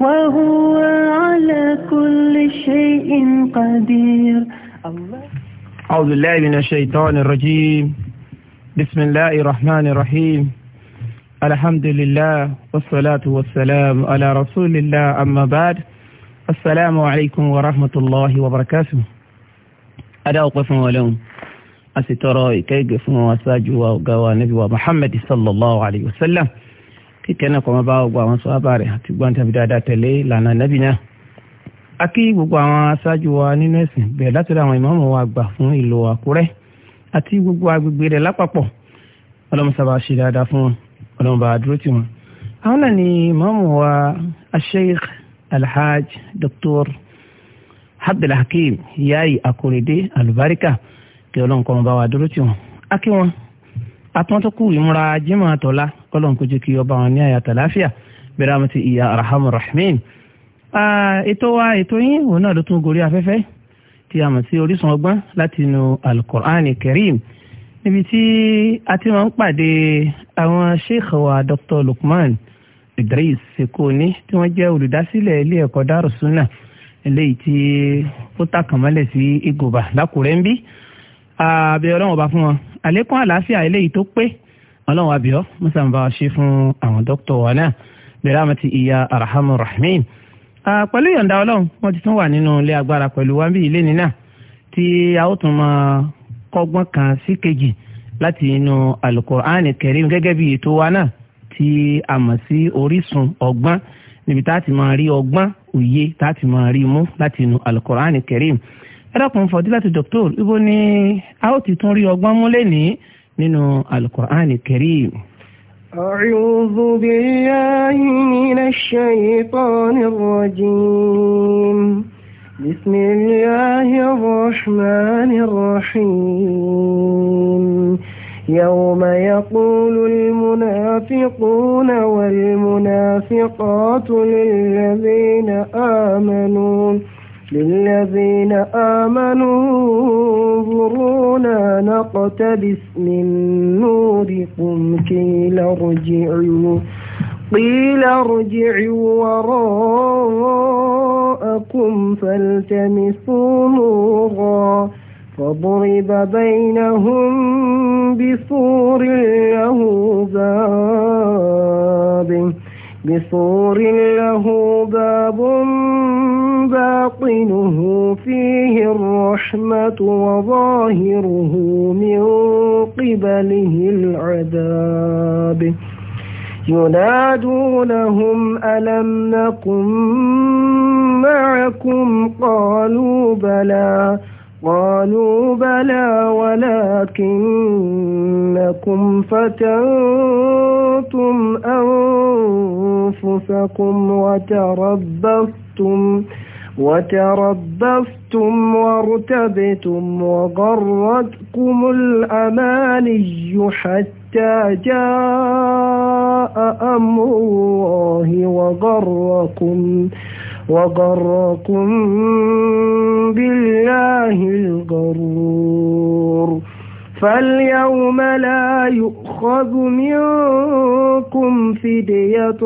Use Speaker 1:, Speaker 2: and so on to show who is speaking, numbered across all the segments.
Speaker 1: وهو على كل شيء قدير
Speaker 2: الله أعوذ بالله من الشيطان الرجيم بسم الله الرحمن الرحيم الحمد لله والصلاة والسلام على رسول الله أما بعد السلام عليكم ورحمة الله وبركاته أدعو قفن ولون أسترى كيف فما وساجوا وقوى نبي محمد صلى الله عليه وسلم kíkẹ́ náà kọ́ máa bá gbogbo àwọn sọ́ábà rẹ̀ àti gbọ́n tàbí dáadáa tẹ̀lé ìlànà nẹ́bí náà. a kí gbogbo àwọn aṣáájú wa nínú ẹ̀sìn bẹ̀rẹ̀ láti ra àwọn ìmáàmù wa gbà fún ìlú àkúrẹ́ àti gbogbo agbègbè rẹ̀ lápapọ̀ ọlọ́run ṣe dáadáa fún wọn ọlọ́run tì wọ́n. àwọn náà ni ìmáàmù wa asheikh alhaj dr abdulhakeem yayi akorede alubarika kí ọlọ́run kọ́ máa wa dúró tì wọ́n. a kí wọn atọ́ntọ́kù ìmúra jimá tọ́lá kọ́lọ́n kó jẹ́ kí ọba wọn ní àyàtọ̀ láfíà bẹ̀rẹ̀ àmọ́ ti ìyá arhamur rahmin. ètò wa ètò yín òun náà ló tún gorí afẹ́fẹ́ tí a mọ̀ sí orísun ọgbọ́n láti inú alukur'an karim níbi tí a ti máa ń pàdé àwọn sheikh wa dr lukman idris sekoni tí wọ́n jẹ́ olùdásílẹ̀ ilé ẹ̀kọ́ darussunnah eléyìí tí ó tàkànmọ́lẹ̀ sí igoba lákùrẹ́ ń bí àbẹ̀ ọlọ́run ọba fún wọn àlékún àlàáfíà eléyìí tó pé ọlọ́run àbíọ́ musa ń bá ṣe fún àwọn dókítà wa náà bẹ̀rẹ̀ àmọ́ ti ìyá arahamu rahman pẹ̀lú ìyọ̀ǹda ọlọ́run wọ́n ti tún wà nínú ilé agbára pẹ̀lú wa bí ilé nínà tí a ó tún máa kọ́gbọ́n kan sí kejì láti inú alukur'an kẹrim gẹ́gẹ́ bí ètò wa náà tí a mọ̀ sí orísun ọgbọ́n níbi tá a ti máa rí ọgbọ́n òye tá a ti máa rí mú láti inú alukur'an kẹrim ẹ̀rọ̀kùn fọ̀dílàtì dọ́kítọ̀ ibo ni a ó ti tún rí ọgbọ́n mú lẹ́ni nínú alukur'an karim.
Speaker 1: أعوذ بالله من الشيطان الرجيم بسم الله الرحمن الرحيم يوم يقول المنافقون والمنافقات للذين للذين آمنوا انظرونا نقتبس من نوركم قيل ارجعوا قيل ارجعوا وراءكم فالتمسوا نورا فضرب بينهم بسور له باب بصور له باب باطنه فيه الرحمة وظاهره من قبله العذاب ينادونهم ألم نكن معكم قالوا بلى قالوا بلى ولكنكم فتنتم أنفسكم وتربصتم وتربصتم وارتبتم وغرتكم الأماني حتى جاء أمر الله وغركم وغركم وغركم بالله الغرور فاليوم لا يؤخذ منكم فدية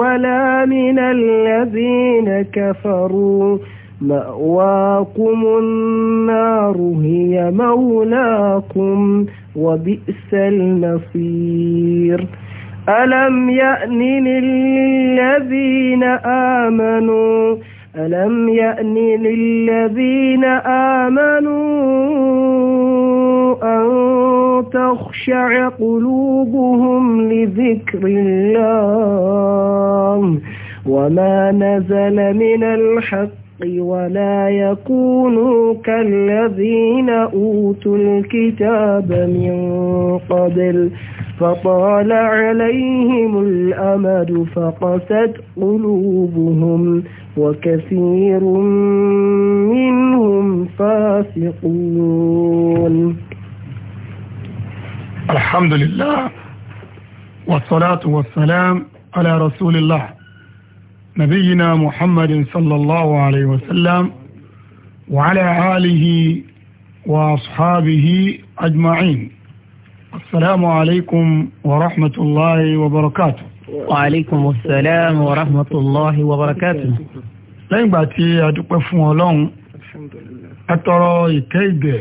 Speaker 1: ولا من الذين كفروا مأواكم النار هي مولاكم وبئس المصير ألم يأن للذين آمنوا ألم يأن للذين آمنوا أن تخشع قلوبهم لذكر الله وما نزل من الحق ولا يكونوا كالذين أوتوا الكتاب من قبل فطال عليهم الأمد فقست قلوبهم وكثير منهم
Speaker 3: فاسقون الحمد لله والصلاة والسلام على رسول الله نبينا محمد صلى الله عليه وسلم وعلى آله وأصحابه أجمعين السلام عليكم ورحمة الله وبركاته وعليكم السلام ورحمة الله وبركاته lẹ́yìn ìgbà tí a dúpẹ́ fún ọlọ́run a tọrọ ìkẹ́ ìgẹ̀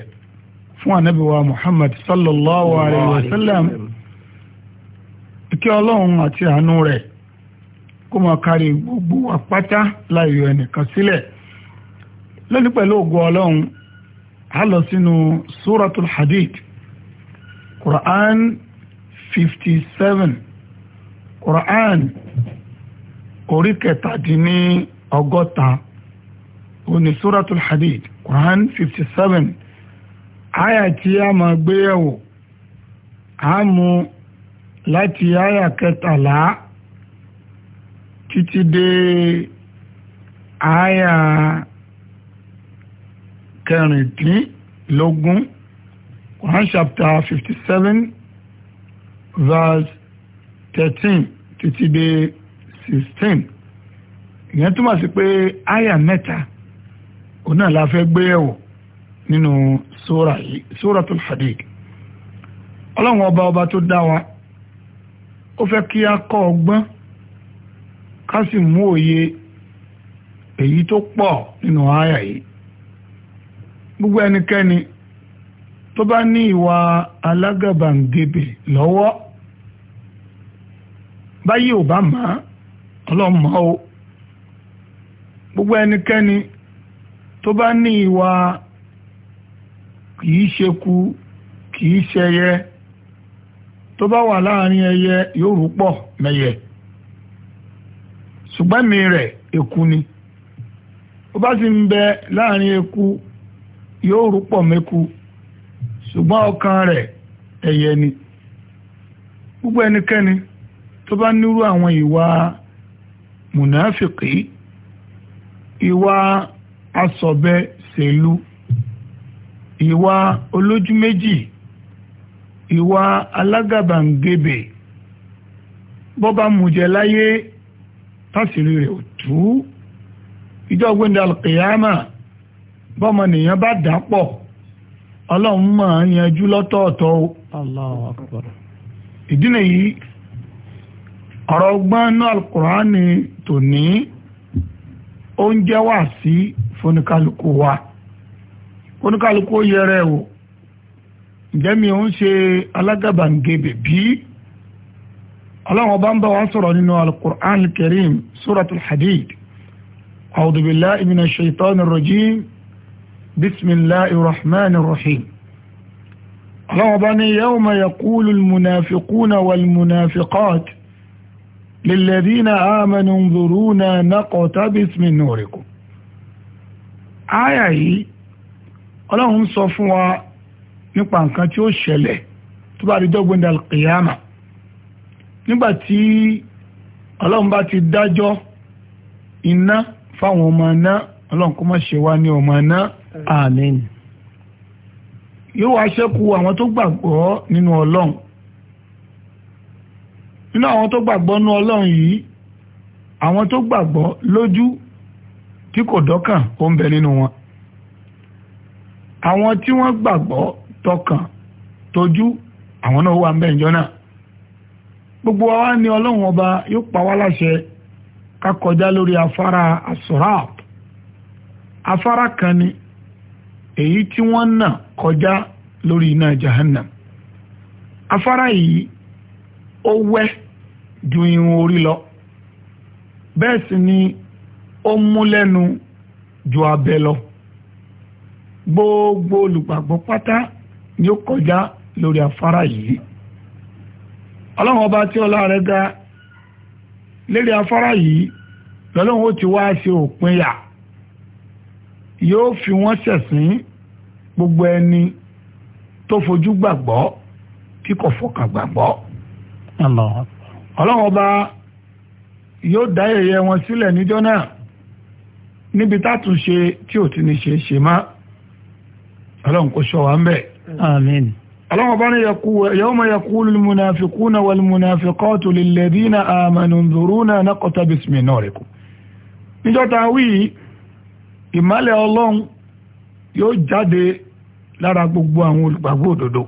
Speaker 3: fún ànábìwa Muhammad sallallahu alayhi wa sallam ìkẹ́ ọlọ́run àti àánú rẹ̀ kó máa kárí gbogbo àpáta láìyọ ẹnìkan sílẹ̀ lónìí pẹ̀lú ògo ọlọ́run a lọ sínú suratul hadid Quran 57 Quran orí kẹtàdínní ọgọ́ta òní Suratul Hadid Quran 57 àyà tí a máa gbé yẹ̀wò a mú láti àyà kẹtàlá títí dé àyà kẹrìndínlógún. Quran chapter 57 verse 13 títí de 16 ìyẹn túmọ̀ sí pé àyà mẹ́ta òun náà la fẹ́ gbé ẹ̀wò nínú sóra tó sóratul hadid ọlọ́run ọba ọba tó dá wa ó fẹ́ kí a kọ́ ọgbọ́n ká sì mú òye èyí tó pọ̀ nínú àyà yìí gbogbo ẹnikẹ́ni tó bá ní ìwà alágàbàǹgebè lọ́wọ́ báyìí ò bá mọ̀ ọlọ́run mọ̀ o gbogbo ẹnikẹ́ni tó bá ní ìwà kìí ṣeku kìí ṣẹyẹ tó bá wà láàrin ẹyẹ yóò mẹ́yẹ ṣùgbọ́n ṣùgbọ́n ọkàn rẹ̀ ẹyẹ ni gbogbo ẹnikẹ́ni tó bá nírú àwọn ìwà mùnàfìkì ìwà asọ̀bẹ ṣèlú ìwà olójú méjì ìwà alágàbàǹgebè bọ́ba mùjẹ láyé tásìrí rẹ̀ ò tú ìjọ gbẹ̀ndẹ̀ bọ́mọ nìyẹn bá dà ọlọ́run máa ń yanjú lọ́tọ̀ọ̀tọ̀ o. Allahu Akbar. ìdí nìyí ọ̀rọ̀ ọgbọ́n náà alukur'ani tòní ó ń jẹ́ wá sí fúnikálukú wa fúnikálukú yẹrẹ o ǹjẹ́ mi ò ń ṣe alágàbàǹgebè bí ọlọ́run ọba ń bá wa sọ̀rọ̀ nínú alukur'an karim suratul hadid a'udhu billahi minash shaitanir rajim bisimilahi rahman rahim ọlọ́wọ́ bá ní yawma yaqulu almunafiquna walmunafiqat lilladhina amanu nzuruna naqtabis min nurikum áyà yìí ọlọ́run sọ fún wa nípa nǹkan tí ó ṣẹlẹ̀ tó bá di dọ́gbọ́n dal qiyama nígbà tí ọlọ́run bá ti dájọ́ iná fáwọn ọmọ iná ọlọ́run kó má ṣe wá ní ọmọ iná amen yóò wá ṣẹ́kù àwọn tó gbàgbọ́ nínú ọlọ́run nínú àwọn tó gbàgbọ́ nínú ọlọ́run yìí àwọn tó gbàgbọ́ lójú tí kò dọ́kàn ó ń bẹ nínú wọn àwọn tí wọ́n gbàgbọ́ tọkàn tójú àwọn náà wà ń bẹ ìjọ náà gbogbo wa ní ọlọ́run ọba yóò pa wá láṣẹ ká kọjá lórí afárá asọ́ràp afárá kan ni èyí tí wọ́n nà kọjá lórí iná jahannam afárá yìí ó wẹ́ ju irun orí lọ bẹ́ẹ̀ sì ni ó mú lẹ́nu ju abẹ lọ gbogbo olùgbàgbọ́ pátá ni ó kọjá lórí afárá yìí ọlọ́run ọba tí ọlá rẹ ga lérí afárá yìí lọ́lọ́run ó ti wá ṣe òpin yà yóò fi wọ́n ṣẹ̀sín gbogbo ẹni tó fojú gbàgbọ́ tí kò fọkàn gbàgbọ́. ọlọ́run ọba yóò dá yẹyẹ wọn sílẹ̀ níjọ́ náà níbi tátúnṣe tí ò ti ní ṣe é ṣe má ọlọ́run kò ṣọ́ wa ń bẹ̀. àmín. ọlọ́run ọba ní yawma yaqulu al-munafiquna wal-munafiqatu lilladhina amanu unzuruna naqtabis min nurikum. níjọ́ ta wí ìmọ́lẹ̀ ọlọ́run yóò jáde lára gbogbo àwọn olùgbàgbọ́ òdodo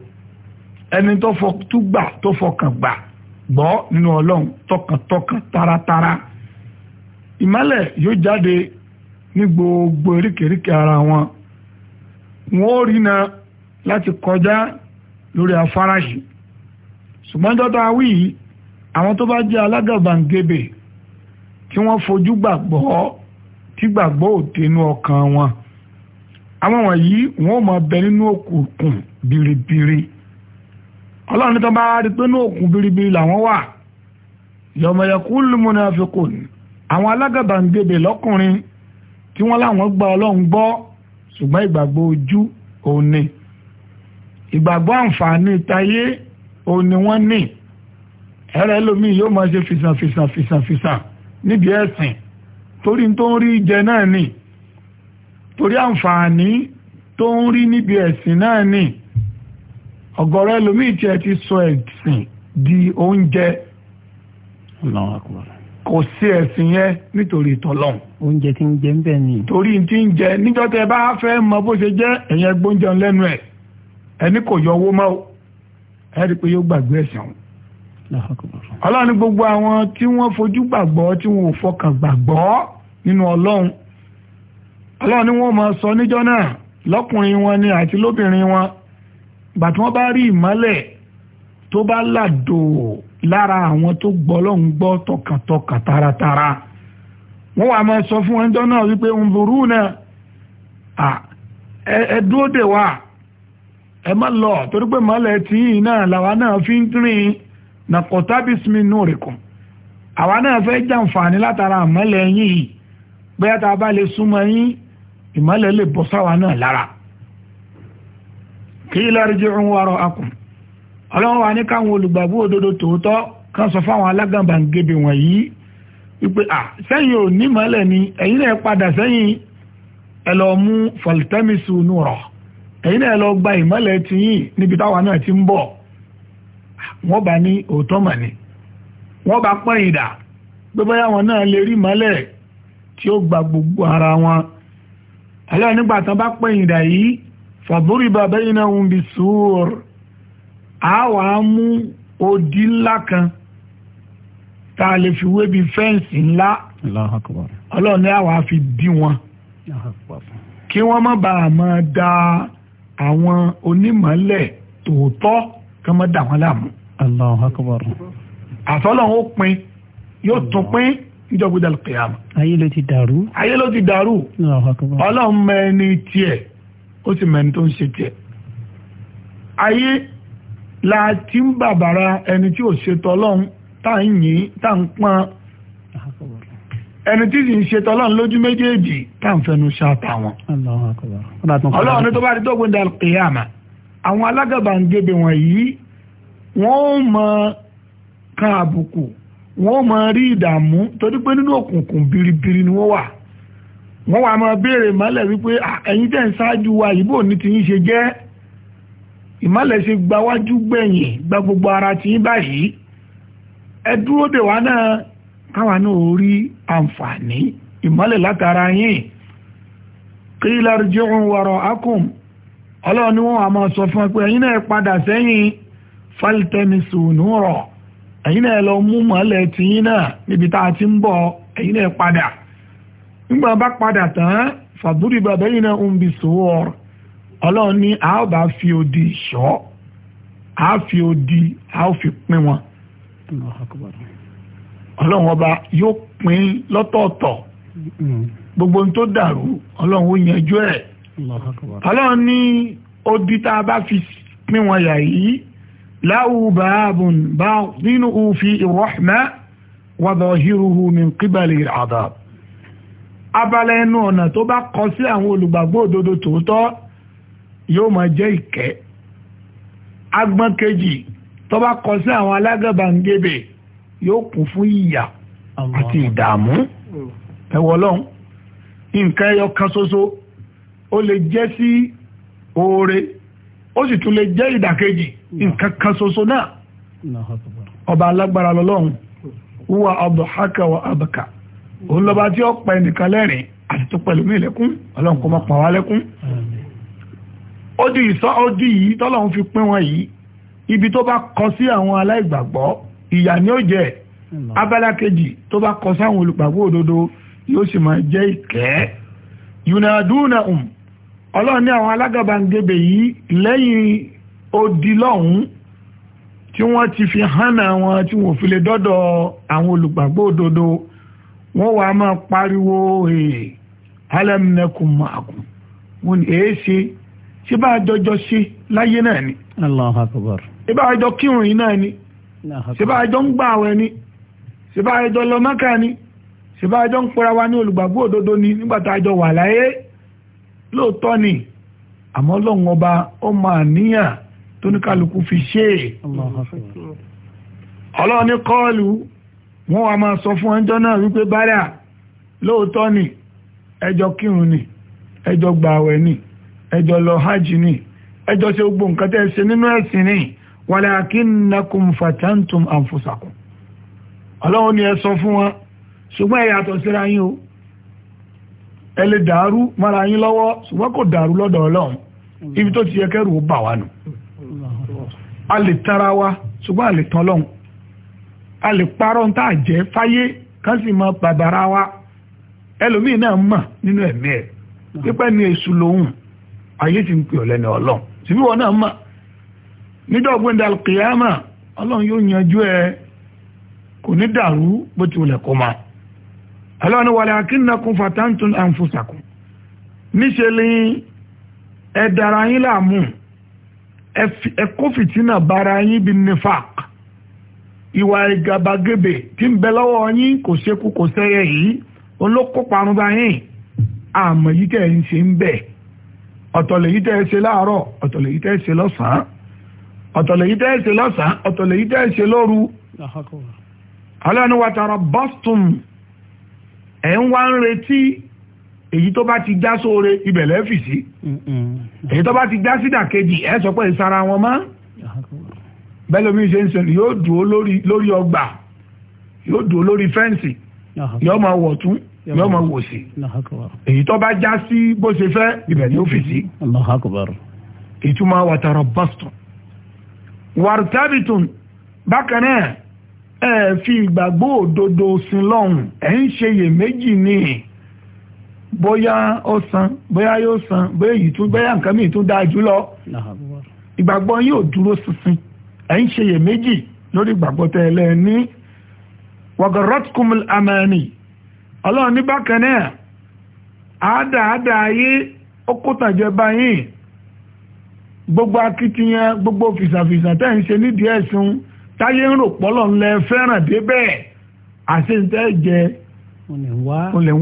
Speaker 3: ẹni tó gbà tó fọkàn gbà gbọ́ nínú ọlọ́run tọkàntọkàn taratara ìmọ́lẹ̀ yóò jáde ní gbogbo eríkèríkè ara wọn wọn ó rí náà láti kọjá lórí afárá yìí ṣùgbọ́n dọ́tà wí yìí àwọn tó bá jẹ́ alágàbàǹgebè tí wọ́n fojú gbàgbọ́ tí gbàgbọ́ ò tẹnu ọkàn wọn àwọn wọ̀nyí wọn ò máa bẹ nínú òkùnkùn biribiri ọlọ́run ní tó bá rí pé nínú òkùnkùn biribiri làwọn wà yọmọyẹkùn lùmùnàfikùn àwọn alágàbàǹgebè lọ́kùnrin tí wọ́n láwọn gba ọlọ́run gbọ́ ṣùgbọ́n ìgbàgbọ́ ojú òun ni ìgbàgbọ́ àǹfààní tayé òun ni wọ́n ní ẹ̀rẹ́ lómi yóò máa ṣe fìsàfìsàfìsàfìsà níbi ẹ̀sìn torí tó ń rí jẹ náà nì torí àǹfààní tó ń rí níbi ẹ̀sìn náà nì ọ̀gọ̀rọ̀ ẹlòmíì tiẹ̀ ti sọ ẹ̀sìn di oúnjẹ kò sí ẹ̀sìn yẹn nítorí tọ́lọ́hún. oúnjẹ tí ń jẹ ń bẹ̀ ni. torí tí ń jẹ níjọ́ tẹ bá fẹ́ mọ bó ṣe jẹ́ ẹ̀yẹn gbóúnjẹ lẹ́nu ẹ̀ ẹni kò yọ owó mọ́ ẹ rí i pé yóò gbàgbé ẹ̀sìn ọ̀hún. ọlọ́run gbogbo àwọn tí wọ́n fojú gbàgbọ́ tí wọ́n ò fọkàn gbàgbọ́ nínú ọlọ́run ọlọ́run ni wọ́n máa sọ níjọ́ náà lọ́kùnrin wọn ni àti lóbìnrin wọn gbà tí wọ́n bá rí ìmọ́lẹ̀ tó bá làdò lára àwọn tó gbọ́ ọlọ́run gbọ́ tọkàntọkàn taratara wọ́n wà máa sọ fún wọn ẹjọ́ náà wípé ń burú náà ẹ dúró dè wá ẹ má lọ torí pé mọ́lẹ̀ tí ì náà làwa náà fi ń rìn na bísímì nù rẹ̀ àwa náà fẹ́ jàǹfààní látara àmọ́lẹ̀ yín yìí bóyá tá a bá lè súnmọ́ yín ìmọ́lẹ̀ lè bọ́ sáwa náà lára kí lárìjì ń wọ́rọ̀ akùn ọlọ́run wa ní káwọn olùgbàgbọ́ òdodo tòótọ́ kan sọ fáwọn wọ̀nyí wípé à sẹ́yìn ò ní mọ́lẹ̀ ni ẹ̀yin náà padà ẹ lọ mú ẹ̀yin náà lọ gba wọ́n bá ní òótọ́ mà ní wọ́n bá pọ́n ìdà pé bóyá wọn náà lè rí mọ́lẹ̀ tí ó gba gbogbo ara wọn alẹ́ nígbà tán bá pọ́n ìdà yìí fàbúrì bàbá yìí ń bi sùúrù á wà á mú odi ńlá kan tá a lè fi wé bi fẹ́ǹsì ńlá ọlọ́run ní àwa fi dí wọn kí wọ́n má bàa máa da àwọn onímọ̀lẹ̀ tòótọ́ kí wọ́n láàmú. Allahu akbar. àtọ́lọ́hún ó pin yóò tún pin níjọ́gbé dàlù kìyàmù. ayé ló ti dàrú. ayé ló ti dàrú. Allahu akbar. ọlọ́run mẹ́ni tiẹ̀ ó sì mẹ́ni tó ń ṣe tiẹ̀. ayé la ti ń bàbàrà ẹni tí ò ṣètò ọlọ́run tá à ń yìn tá à ń pọ́n ẹni tí sì ń ṣe tọ́lọ́n lójú méjèèjì tá ń fẹnu ṣáàtà wọn. ọlọ́run ní tó bá rí dọ́gbọ́n dàlù kìyàmù àwọn alágàbàǹgebè wọ̀nyí wọ́n ó mọ kan àbùkù wọ́n ó mọ rí ìdààmú torí pé nínú òkùnkùn biribiri ni wọ́n wà wọ́n wà máa béèrè ìmọ́lẹ̀ wípé ẹ̀yin tẹ̀ ń ṣáájú wa yìí bò ní tiyín ṣe jẹ́ ìmọ́lẹ̀ ṣe gbawájú gbẹ̀yìn gba gbogbo ara tiyín báyìí ẹ dúró dè wá náà káwa náà ó rí àǹfààní ìmọ́lẹ̀ látara yín qila irji'u wara'akum ọlọ́run ni wọ́n wà máa sọ fún ẹ pé ẹ̀yin náà padà sẹ́yìn fálítẹ́mísù nùúrọ̀ ẹ̀yin náà lọ mú mọ́lẹ̀ tìyín náà níbi tá a ti ń bọ̀ ẹ̀yin náà padà nígbà bá padà tán fàbúrì bàbá yìí náà ń bi sòwòr ọlọ́run ní a ó bá fi odi ṣọ́ a fi odi a ó fi pín wọn ọlọ́run ọba yóò pín lọ́tọ̀ọ̀tọ̀ gbogbo ohun tó dàrú ọlọ́run ó yanjú ẹ̀ ọlọ́run ní odi tá a bá fi pín wọn yà yìí له باب باطنه في الرحمة وظاهره من قبل العذاب abala ẹnu ọ̀nà tó bá kọ àwọn olùgbàgbọ́ òdodo tòótọ́ yóò máa jẹ́ ìkẹ́ agbọ́n kejì bá kọ àwọn alágàbàǹgebè yóò kún fún ìyà àti ìdààmú ẹ̀wọ̀ kan ó sì tún lè jẹ́ ìdàkejì hmm. nǹkan kan ṣoṣo náà ọba alágbára lọ́lọ́run wúwa abdulhaka wa abaka hmm. òun lọ́ba tí ó pa ẹnìkan lẹ́rìn àti tó pẹ̀lú mí lẹ́kún ọlọ́run kò má pa wá lẹ́kún ojú ìsọ́ ojú yìí tọ́lọ́run fi pín wọn yìí ibi tó bá kọ sí àwọn aláìgbàgbọ́ ìyà ni ó jẹ́ hmm. abala kejì tó bá kọ sáwọn olùgbàgbọ́ òdodo yóò sì máa jẹ́ ìkẹ́ yunaduna um ọlọ́run ní àwọn alágàbàǹgebè yìí lẹ́yìn odi lọ́hùn tí wọ́n ti fi hànà wọn tí wọ́n fi dọ́dọ̀ àwọn olùgbàgbọ́ òdodo wọ́n wàá máa pariwo alẹ́mìnẹ́kùn màkùn wọn ni èé ṣe ṣé bá a jọjọ ṣe láyé náà ni. Allahu Akbar. ṣé bá a jọ kírun yìí náà ni. ṣé bá a jọ ń gbà àwẹ̀ ni. ṣé bá a jọ lọ Mẹ́kà ni. ṣé bá a jọ ń pera wa ní olùgbàgbọ́ òdodo ni nígbà tá a jọ wà láyé. lóòótọ́ ni àmọ́ ọlọ́run ọba ó máa níyàn tó ní kálukú fi ṣe é ọlọ́run ní kọ́ọ̀lù wọ́n wá máa sọ fún ẹjọ́ náà wípé bára lóòótọ́ ni ẹjọ́ kírun ni ẹjọ́ gbààwẹ̀ ni ẹjọ́ lọ hajj ni ẹjọ́ ṣe gbogbo nǹkan tẹ́ ṣe nínú ẹ̀sìn ni walakinnakum fatantum àǹfọ̀sàkùn. ọlọ́run ni ẹ sọ fún wọn ṣùgbọ́n ẹ yàtọ̀ yín o ẹ dàrú mara yín lọ́wọ́ ṣùgbọ́n kò dàrú lọ́dọ̀ ibi tó ti yẹ kẹ́rù ó bà wá nù a lè tara wa ṣùgbọ́n a lè tán lọ́hùn a lè parọ́ ń tà jẹ́ fáyé ká sì mọ bàbára wa ẹlòmíín náà nínú ni èṣù lòun ayé ti ń pè ọ́ lẹ́nu ọlọ́run síbí wọn náà ọlọ́run yóò ẹ kò ní dàrú bó ti ọlọ́ni wàlẹ̀ akínàkùn fatantun àǹfùsàkùn níṣẹ́ lè ẹ dara yín láàmú ẹ kó fìtínà bára yín bí nifaq ìwà ìgàbàgebè tí ń bẹ lọ́wọ́ yín kò ṣekú kò sẹ́yẹ yìí olókó bá yín àmọ́ yìí tẹ̀ ń ṣe ń bẹ̀ ọ̀tọ̀ lèyí tẹ́ ẹ ṣe láàárọ̀ ọ̀tọ̀ lèyí tẹ́ ẹ ṣe lọ́sàn-án ọ̀tọ̀ lèyí tẹ́ ṣe lọ́sàn-án ṣe lóru. boston ẹ̀ ń wá ń retí èyí tó bá ti já sóore ibẹ̀ lẹ́fì sí èyí tó bá ti já sídàkejì ẹ̀ sọ pé ìsara wọn mọ́ bẹ́ẹ̀ lómi ṣe ń sẹ́nu yóò dúró lórí ọgbà yóò dúró lórí fẹ́ǹsì yóò máa wọ̀ tún yóò máa wò sí èyí tó bá já sí bó ṣe fẹ́ ibẹ̀ ni ó fi sí. ìtumọ̀ wàtàrọ̀ boston wàrútàbìtùn bákan náà ẹ fi ìgbàgbọ́ òdodo sin lọ́hùn ẹ̀ ń ṣe iyèméjì ni bóyá ó san bóyá yóò san bóyá èyí tún bóyá nǹkan mìíràn tún dáa jùlọ ìgbàgbọ́ yóò dúró ṣinṣin ẹ̀ ń ṣe iyèméjì lórí ìgbàgbọ́ tẹ ẹ lẹ́ni wàgọ̀rọ̀tìkùmùl àmàní ọlọ́run ní bákan náà àádáadá ayé ó kó tàjẹ́ báyìí gbogbo akitiyan gbogbo fìsàfìsà tẹ́ ń ṣe nídìí ẹ̀sùn táyé ń rò pọ́lọ̀ ńlẹ̀ fẹ́ràn dé bẹ́ẹ̀ àti ntẹ́ jẹ olè ń wá ṣùgbọ́n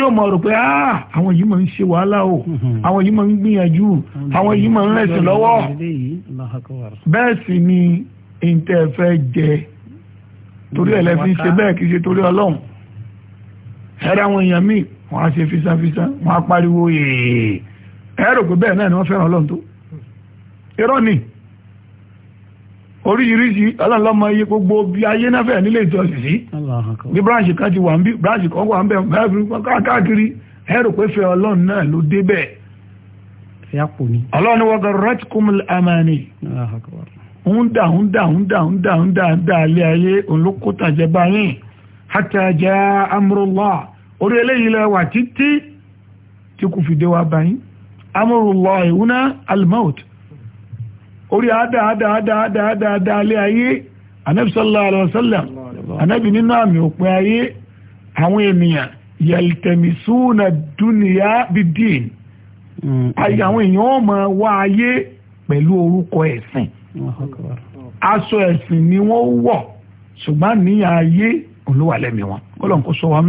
Speaker 3: yóò mọ̀ rò pé ah, àwọn yìí máa ń ṣe wàhálà o mm-hmm. àwọn yìí máa ń gbìyànjú àwọn yìí máa ń rẹ̀sìn lọ́wọ́ bẹ́ẹ̀ sì ni ntẹ́ fẹ́ jẹ torí ẹ̀ lẹ́fi ń ṣe bẹ́ẹ̀ kì í ṣe torí ọlọ́run ẹ̀rọ àwọn èèyàn míì wọ́n á ṣe fisafisa wọ́n á pariwo èèyàn bẹ́ẹ̀ náà ni wọ́n fẹ́ràn ọlọ́run tó irọ́ ni oríṣiríṣi ọlọ́lọ́mọ iye gbogbo bí ayé náà fẹ́ nílé ìjọsìn sí bí branch kan ti wà ń bí branch kan wà ń bẹ̀ káàkiri káàkiri ẹ̀rù pé fẹ́ ọlọ́run náà ló débẹ̀. ọlọ́run wọ́n gan right kumul amani ń dà ń dà ń dà ń dà ń dà ń dà lé ayé òun báyìí hatta jaa orí eléyìí lẹ́wà títí tí kò fi dé wa báyìí amrullah ìwúná al orí àádáadáadáadáadáa alẹ́ ayé anabi sallallahu alayhi anabi nínú àmì òpin ayé àwọn ènìyàn yaltamisuna dúnìyà bidin àwọn èèyàn ọmọ wá ayé pẹ̀lú orúkọ ẹ̀sìn aṣọ ẹ̀sìn ni wọ́n wọ̀ ṣùgbọ́n níyàn ayé olúwa wọn sọ wa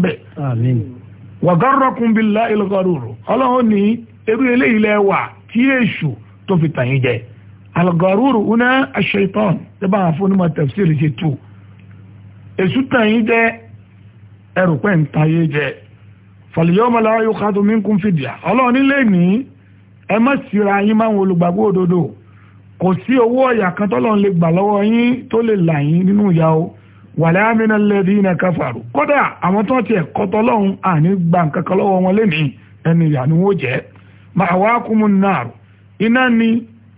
Speaker 3: ọlọ́run ní eré eléyìí lẹ́wà tí èṣù tó fi tàn yín algaruru una ashaitan tẹ́bà àfọ́nùmọ̀ tafsiri ṣe tó èṣù tàn yín jẹ́ ẹrù pẹ́ ń ta yé jẹ́ fàlìyọ́mọ la yukhadu minkum fìdíà ọlọ́run nílé ní ẹ má síra yín máa ń olùgbàgbọ́ òdodo kò sí owó ọ̀yà kan tọ́lọ́run lè gbà lọ́wọ́ yín tó lè là yín nínú ìyà o wàlẹ́ àmìnà lẹ́dí iná káfàrú kódà àwọn tó ti ẹ̀kọ́ tọ́lọ́run àní gba nǹkan kan lọ́wọ́ wọn lénìí ẹni ìyà ni wọ́n jẹ́ màá wá kúmù náà iná ni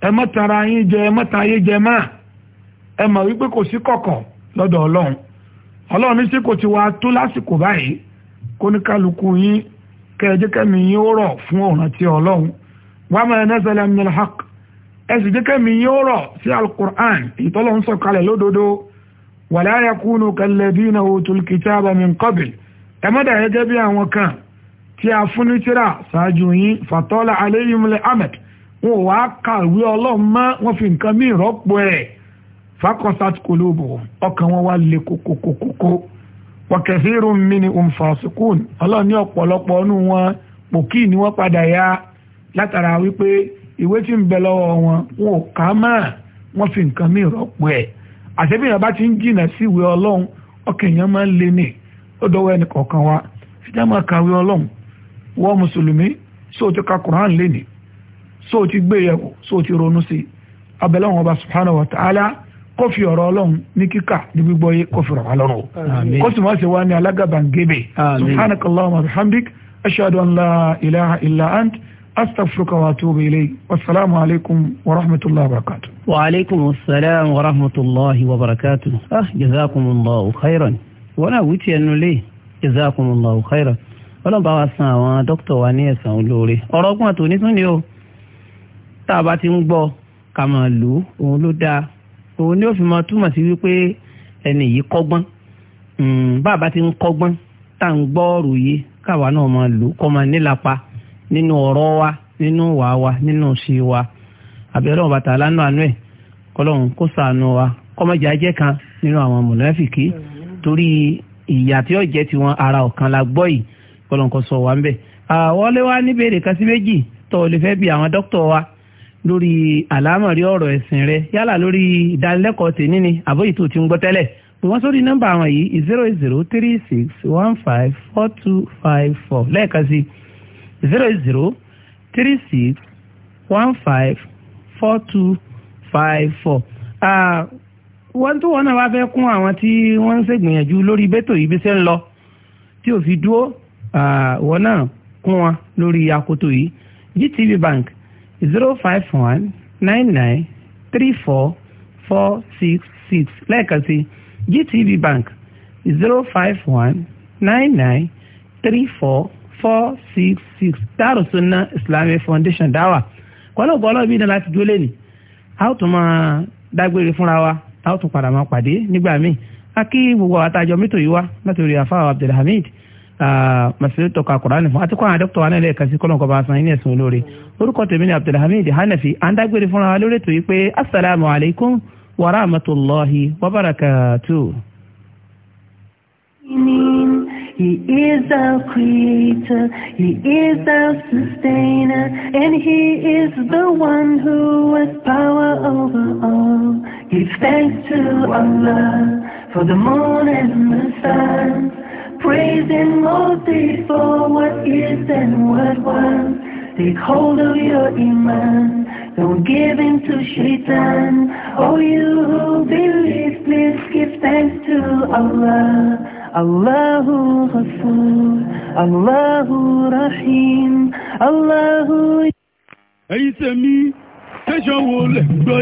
Speaker 3: ẹ má tara yín jẹ ẹ má ta ayé jẹ má ẹ mọ̀ wípé kò sí kọ̀kọ̀ lọ́dọ̀ ọlọ́run ọlọ́run ní sí kò ti wá tó lásìkò báyìí kó ní kálukú yín kẹjẹkẹmí yín ó rọ̀ fún ọ̀ràn ti ọlọ́run wà á máa nazala min al-haq ẹ sì jẹkẹmí yín ó rọ̀ sí alukur'an ìtọ́lọ́ ń sọ̀kalẹ̀ lódodo wala yakunu kalladhina utul bí àwọn kan tí a fún ní wọn ò wá kàwé ọlọ́run mọ́ wọn fi nǹkan míì rọ́pò ẹ̀ fakọ́sát kolobo ọkàn wọn wá le kókókókókó wọ̀kẹ̀sírùn mi ni umfasikun ọlọ́run ní ọ̀pọ̀lọpọ̀ ọ̀nù wọn pòkì ni wọ́n padà ya látara wípé ìwé tí ń bẹ lọ́wọ́ wọn wọn ò fi nǹkan rọ́pò ẹ̀ bá ti ń sí ìwé ọlọ́run ọkàn so ti gbé yẹ̀wò so ti ronú sí abẹ́lẹ́ wọn ọba subhanahu wa ta'ala kó fi ọ̀rọ̀ ọlọ́run ní kíkà ní gbígbọ́ yé kó fi rọ̀ wá lọ́rùn o kó sì má ṣe wá ní alágàbàǹgẹ̀bẹ̀ subhanakallahumma wa bihamdik ashhadu an la ilaha illa ant astaghfiruka wa atubu ilayk wasalaamu alaykum wa rahmatulahi wa barakatuh.
Speaker 2: wa aleykum salaam wa rahmatulahi wa barakatuh. ah jazakumullahu khayran wọn náà wíìtì ẹnu lé jazakumullahu khayran ọlọ́run bá wa san àwọn dókítà wa ní ẹ̀san olóore ọ̀rọ̀ ọgbọ́n àtòní tún o tá a bá ti ń gbọ́ ká máa lò ó òun ló dáa òun ni ó fi máa túmọ̀ sí wípé ẹni yìí kọ́gbọ́n hmm, bá a bá ti ń kọ́gbọ́n tá à ń gbọ́ ọ̀rọ̀ yìí káwa náà máa lò kó máa nílapa nínú ọ̀rọ̀ wa nínú ìwà wa nínú ìṣe wa àbẹ̀rẹ̀ ọ̀bàtà alánú àánú ẹ̀ kọlọ́run kó sàánú wa kọ́mọ̀jà kan nínú àwọn mọ̀lẹ́fìkì torí ìyà tí ó jẹ́ tiwọn ara ọ̀kan la gbọ́ yìí kọlọ́run kó sọ wa ń bẹ̀. àwọn ọlẹ́wà níbèrè kan sí méjì tó o lè fẹ́ bi àwọn dókítà wa lórí àlámọ̀rí ọ̀rọ̀ ẹ̀sìn rẹ yálà lórí ìdánilẹ́kọ̀ọ́ tèmi ni àbóyí tó ti ń gbọ́ tẹ́lẹ̀ pè wọ́n sórí nọ́mbà àwọn yìí zero eight zero three six one five four two five four lẹ́ẹ̀kan sí zero eight zero three six one five four two five four wọ́n tó wọ́n náà wá fẹ́ kún àwọn tí wọ́n ń ṣègbìyànjú lórí bẹ́tò yìí bí ṣe ń lọ tí ò fi dúró wọ́n náà kún wọn lórí akoto yìí GTB Bank zero five one nine nine three four four six six lẹ́ẹ̀kan sí GTB Bank zero five one nine nine three four four six six Darussunnah Islamic Foundation dáwà kọ́lọ́kọ́lọ́ bí náà láti dúró lẹ́nu a ó tún máa dágbére fúnra wa a ó tún padà máa pàdé nígbà míì a kí gbogbo àwọn àtàjọ mítò yìí wá látòrí àfáà Abdulhamid masirito ka kurani fún àti kó àwọn adókòtò wa náà lẹ́ẹ̀kan sí kọ́lọ́n kọba san ní ẹ̀sùn olóore orúkọ tèmi ni abdulhamid hanafi à ń dágbére fúnra wa lórí ètò yìí pé asalaamu wa rahmatulahi wa barakatu. He
Speaker 1: is the creator, He is the sustainer, and He is the one who has power over all. Give thanks to Allah for the moon and the sun. praising mostly for what is and what was. Take hold of your iman, don't give in to shaitan. Oh, you who believe, please give thanks to Allah. Allahu غفور Allahu. رحيم الله
Speaker 3: أي سمي تجول